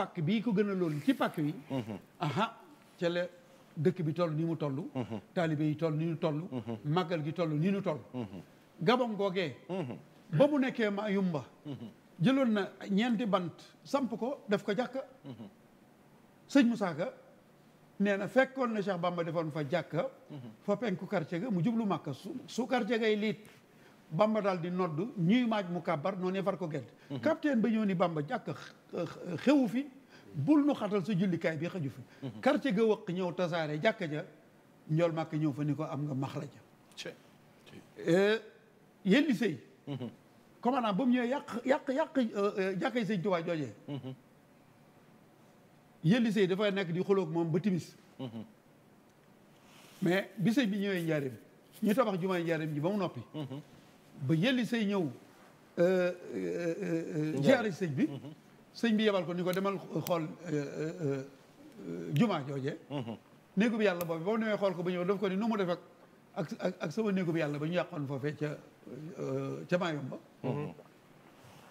pàkk bii ko gën a loolu ci pàkk bi mhm. aha ca dëkk bi toll ni mu toll mhm. taalibe yi toll ni ñu toll mhm. màggal gi toll ni ñu toll gabon googee ba mu nekkee ma yumba jëloon na ñeenti bant samp ko def ko jàkka sëñ Moussa Ka nee fekkoon na Cheikh Bamba defoon fa jàkka fa penku quartier ga mu jublu màkka su su quartier gay liit bamba daal di nodd ñuy maaj mu kàbbar noonee far ko gedd mhm. capitaine ba ñëw ni bamba jàkk xewu fi bul nu xatal sa jullikaay bi xaju fi mhm. quartier ga wëq ñëw tasaare jàkka ja njool màkk ñëw fa am nga maxraja eh, yéen di sëy mhm. commandant ba mu yàq yàq yàq eh, eh, jàkkay sëñ Tuubaa joojee yéen sëy dafay nekk di xulóog moom ba timis mais bi sëñ bi ñëwee njaareem ñu tabax jumaa njaareem ji ba mu noppi ba yëlli say ñëw euh, euh, euh, ziyaare sëñ bi mhm. sëñ bi yebal ko ni ko demal xool juma joojee mhm. néegu bi yàlla boobu ba mu demee xool ko ba ñëw daf ko ni nu mu def ak ak ak sama néegu bi yàlla ba ñu yàqoon foofee ca ca ba mhm.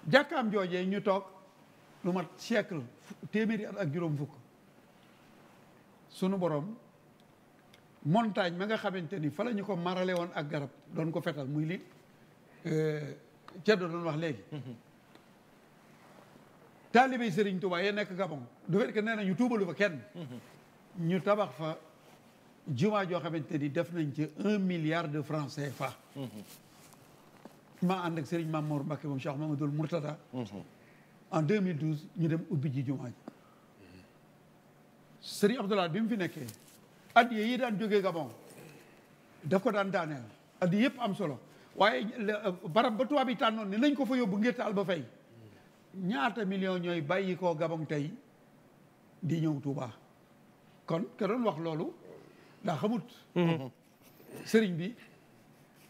jàkkaam joojee ñu toog lu mat siècle téeméeri ak juróom fukk sunu boroom montagne ma nga xamante ni fa la ñu ko marale woon ak garab doon ko fetal muy li Thierno doon wax léegi. taalibe Serigne Touba yee nekk Gabon du fekk nee na ñu tuubalu fa kenn. ñu tabax fa jumaa joo xamante ni def nañ ci un milliard de francs CFA. maa ànd ak Serigne Mamour Mbacke moom Cheikh Mamadou Mourtada. en ñu dem ubbi ji jumaa ji. Serigne Abdoulaye bi mu fi nekkee. at yii daan jógee Gabon daf ko daan daaneel at yëpp am solo. waaye euh, barab ba tubaab yi tànnoon ni nañ ko fa yóbbu ngir taal ba ñaata million ñooy bàyyi koo Gabon tey di ñëw Touba kon ke wax loolu daa xamut sëriñ bi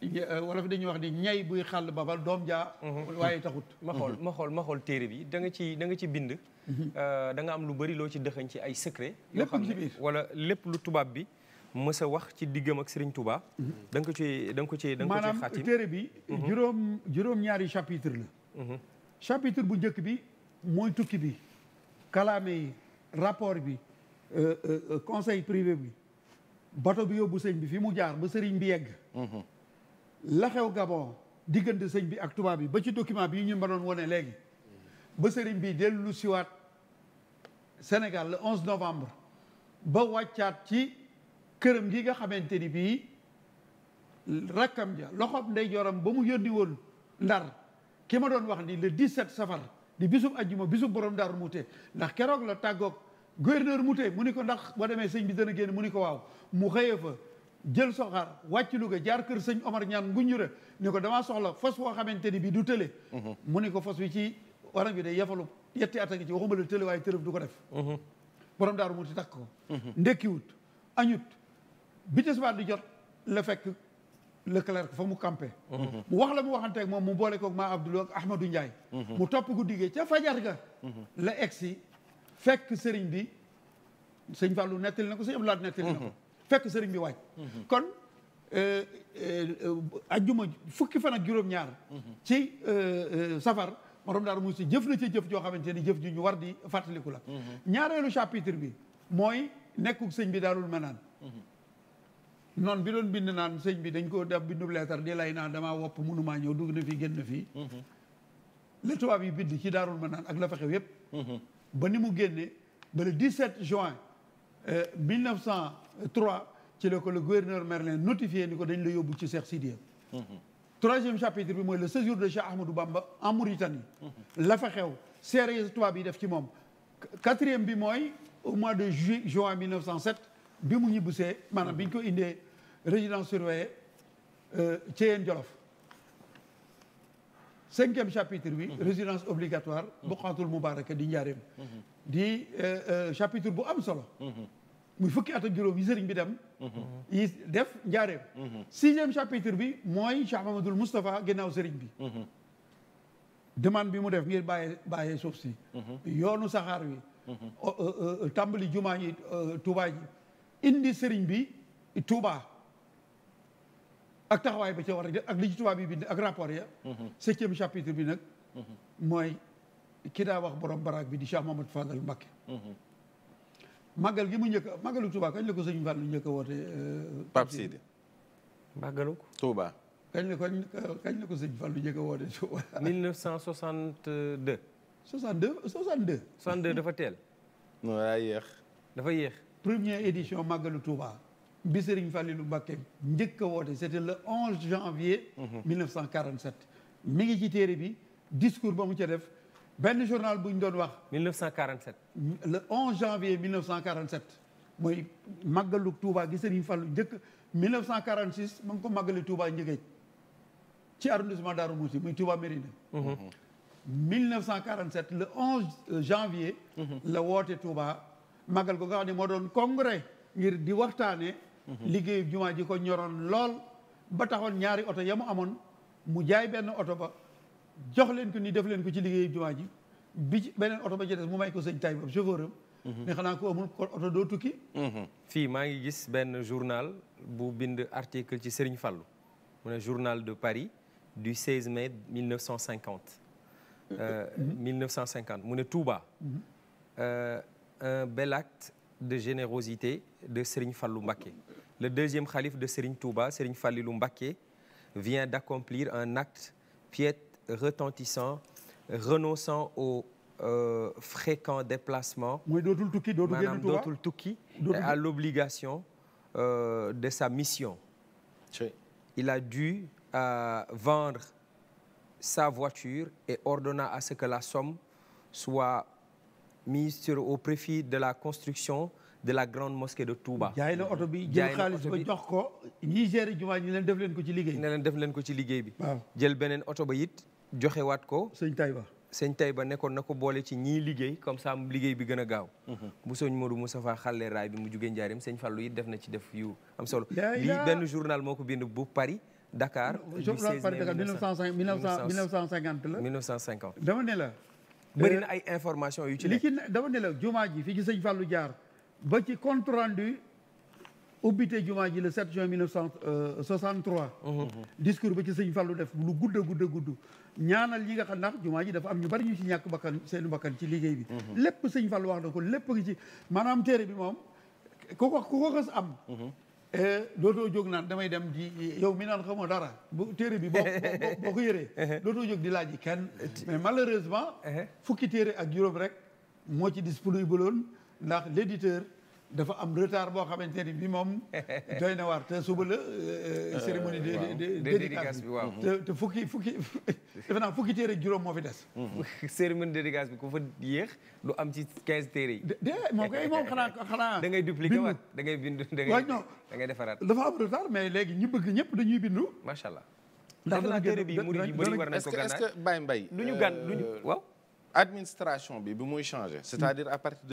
wala euh, fi dañuy wax ni ñay buy xàll babal doom jaa waaye taxut ma xool ma xool téere bi da nga ci da nga ci bind mhm. euh, da nga am lu bari loo ci dëxañ ci ay secret wala lépp lu tubaab bi mës a wax ci diggam ak Serigne Touba. Mhm. da ko ci da ko ci da nga ko ci xaatim maanaam téere bi. Mhm. juróom juróom-ñaari chapitre la. Mhm. chapitre bu njëkk bi mooy tukki bi kalaame yi rapport bi euh, euh, euh, conseil privé bi bato bi yóbbu sëñ bi fi mu jaar ba sëriñ bi yegg. la xew Gabon diggante sëñ bi ak tubaab bi ba ci document bi ñu mënoon wane léegi. ba sëriñ bi dellu siwaat Sénégal le novembre ba wàccaat ci. këram gi nga xamante ni bii rakkam ja loxob ndeyjooram ba mu yónni woon ndar ki ma doon wax ni le 17 safar di bisub ajjuma bisub borom Daaru Muute ndax keroog la tàggoog gouverneur Muute mu ni ko ndax boo demee sëñ bi dana génn mu ni ko waaw mu xëyee fa jël wàcci wàcc Louga jaar kër sëñ Omar ñaan nguñure ni ko damaa soxla fos woo xamante ni bii du tële mhm. mu ni ko fos wi ci waram bi day yafalu yetti at ngi ci waxuma la tële waaye tërëf du ko def mhm. bi tisbaar di jot la fekk Leclerc fa mu campé mu wax la mu waxanteek moom mu boole koog ma Abdoulou ak Ahmadou Ndiaye mu topp guddi gi ca fajar ga la egsi fekk sëriñ bi sëñ Fallou nettali na ko sëñ Abdoulaye nettali na ko fekk sëriñ bi waaj kon euh, euh, ajjuma fukki fan ak juróom-ñaar ci euh, safar borom Daaru Musti jëf na ci jëf joo xamante ni jëf ju ñu war di fàttaliku la mhm. ñaareelu chapitre bi mooy nekkuk sëñ bi Daarul Manaan noonu bi doon bind naan sëñ bi dañ koo def bindub leetar di lay naan damaa wopp mënumaa ñëw dugg na fii génn fii mhm. la tubaab yi bind ci daarul manaan ak la fa yépp mhm. ba ni mu génne ba le 17 juin 1903 euh, ci la ko le gouverneur Merlin notifié ni ko dañ la yóbbu ci Cheikh Sidiya mhm. troisième chapitre bi mooy le séjour de Cheikh Ahmadou Bamba en Mauritanie la fa xew tubaab yi def ci moom quatrième bi mooy au mois de juin 1907 bi mu ñibbisee maanaam bi ñu ko indee résidence surveillée euh, Thièyène Jolof cinquième chapitre bi mhm. résidence obligatoire mhm. Buqaatul Mubaaraka di njaareem mhm. di euh, euh, chapitre bu am solo muy fukki at ak yi sëriñ bi dem yi def njaareem sixième chapitre bi mooy Cheikh Mamadul Moustapha ginnaaw sëriñ bi demande bi mu def ngir bàyyee bàyyee suuf si yoonu saxaar wi tàmbali jumaa yi Tuubaa indi sëriñ bi Tuubaa ak taxawaay ba ca a def ak li ci tubaab rapport ya septième chapitre bi nag mooy kii daa wax borom baraag bi di Cheikh Mamadou Fadal Mbacké màggal gi mu njëkk a màggalu Touba kañ la ko sëñ Fallu njëkk a woote euh, Pape Sidi màggalu Touba kañ la kañ kañ la ko sëñ Fallu njëkk a woote Touba 1962 62 dafa teel dafa yéex première édition màggalu Touba bi Serigne Fallilou Mbacké njëkk a woote c'était le 11 janvier. 1947. Mhm. mi ngi ci téere bi discours ba mu ca def benn journal bu ñu doon wax. 1947. le 11 janvier 1947 mooy màggalu Touba gi Serigne Fallou njëkk 1946 ma ngi ko màggali Touba Njëgëj ci arrondissement Darou Moussi muy mhm. le 11 euh, janvier. Mhm. la woote Touba màggal ko nga xam ne moo doon congrès ngir di waxtaanee. liggéeyu jumaa ji ko ñoroon lool ba taxoon ñaari oto ya mu amoon mu jaay benn oto ba jox leen ko ni def leen ko ci liggéeyu jumaa ji bi beneen oto ba ci des mu may ko sëñ tay mhm. xanaa ko amul ko oto doo tukki mhm. fii maa ngi gis benn journal bu bind article ci Serigne fallu mu ne journal de Paris du 16 mai 1950 Euh, 1950 mhm. mu ne Touba euh, un bel acte de générosité de Serigne Fallou Mbacké le deuxième calife de Serigne Touba, Serigne Fallilou Mbacké, vient d'accomplir un acte piètre, retentissant, renonçant aux euh, fréquents déplacements. mooy dootul tukki dootul génn Touba maanaam dootul tukki. à l'obligation euh, de sa mission. il a dû euh, vendre sa voiture et ordonna à ce que la somme soit mise sur au profit de la construction de la grande mosquée de Touba. jaay na oto bi jël ko ñiy gérer jumaa ñi leen def leen ko ci liggéey. ne leen def leen ko ci liggéey bi. jël beneen oto ba it joxe waat ko. sëñ Taïba. sëñ nekkoon na ko boole ci ñii liggéey comme ça liggéey bi gën a gaaw. Mhm. bu sëñ Modou Moustapha xàllee raay bi mu jugee Njaareem sëñ Fallou it def na ci def yu am solo. lii benn journal moo ko bind bu Paris. Dakar dama ne la. Euh, ay information yu ci li dama ne jumaa ji fii ci sëñ Fallou jaar. ba ci compte rendu ubbite jumaa ji le 7 juin cent 1963. Mhm. discours ba ci sëñ Fallou def lu gudd a gudd gudd ñaanal ñi nga xam ndax jumaa ji dafa am ñu bari ñu ci ñàkk bakkan seen bakkan ci liggéey bi. Mhm. lépp sëñ Fallou wax na ko lépp ngi ci maanaam téere bi moom ku ko ku ko xas am. Mhm. Eh, dootoo jóg naan damay dem di yow mi naan xamoo dara bu téere bi boo boo ko yëree uh-huh. dootoo jóg di laaj kenn eh, mais malheureusement uh-huh. fukki téere ak juróom rek moo ci disponible woon ndax l'éditeur dafa am retard boo xamante ni bi moom doy na waar te suba la euh, euh, cérémonie de dédicace bi waaw te fukki fukki defe naa fukki téere ak juróom moo fi des cérémonie dédicace bi ku fa yéex du am ci quinze téere yi de moom koy moom xanaa xanaa da ngay dupliquer waat da ngay bindu da ngay non da ngay defaraat dafa am retard mais léegi ñu bëgg ñëpp dañuy bindu macha allah ndax dana téere bi murid yi bëri war nañ ko gànnaar est-ce que Baye Mbaye du euh, bi bi muy changé c'est-à-dire à partir